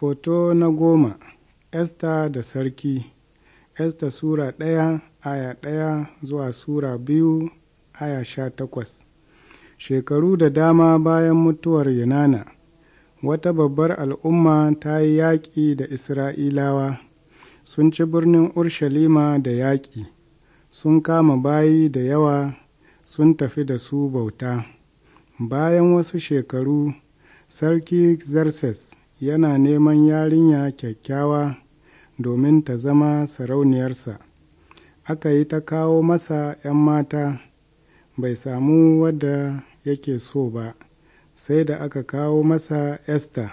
Foto na goma Esta da Sarki Esta Sura ɗaya aya ɗaya zuwa Sura biyu aya sha takwas Shekaru da dama bayan mutuwar Yunana, wata babbar al'umma ta yi yaƙi da Isra'ilawa, sun ci birnin Urshalima da yaƙi, sun kama bayi da yawa sun tafi da su bauta. Bayan wasu shekaru, Sarki Xerxes yana neman yarinya kyakkyawa domin ta zama sarauniyarsa aka yi ta kawo masa ‘yan mata bai samu wadda yake so ba sai da aka kawo masa esther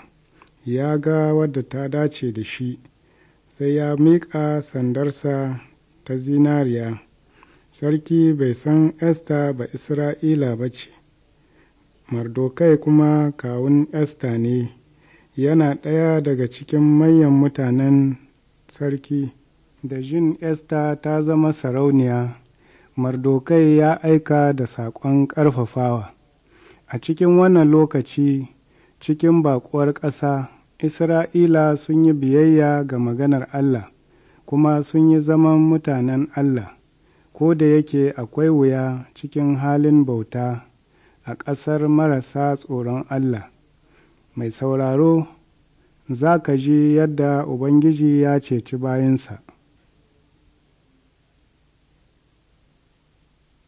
ya ga wadda ta dace da shi sai ya miƙa sandarsa ta zinariya sarki bai san esther ba isra'ila ba ce mardokai kuma kawun esther ne yana ɗaya daga cikin manyan mutanen sarki da jin esta ta zama sarauniya mardokai ya aika da saƙon ƙarfafawa a cikin wannan lokaci cikin baƙuwar ƙasa isra'ila sun yi biyayya ga maganar allah kuma sun yi zaman mutanen allah ko da yake akwai wuya cikin halin bauta a ƙasar marasa tsoron allah mai sauraro za ka ji yadda Ubangiji ya ceci bayansa.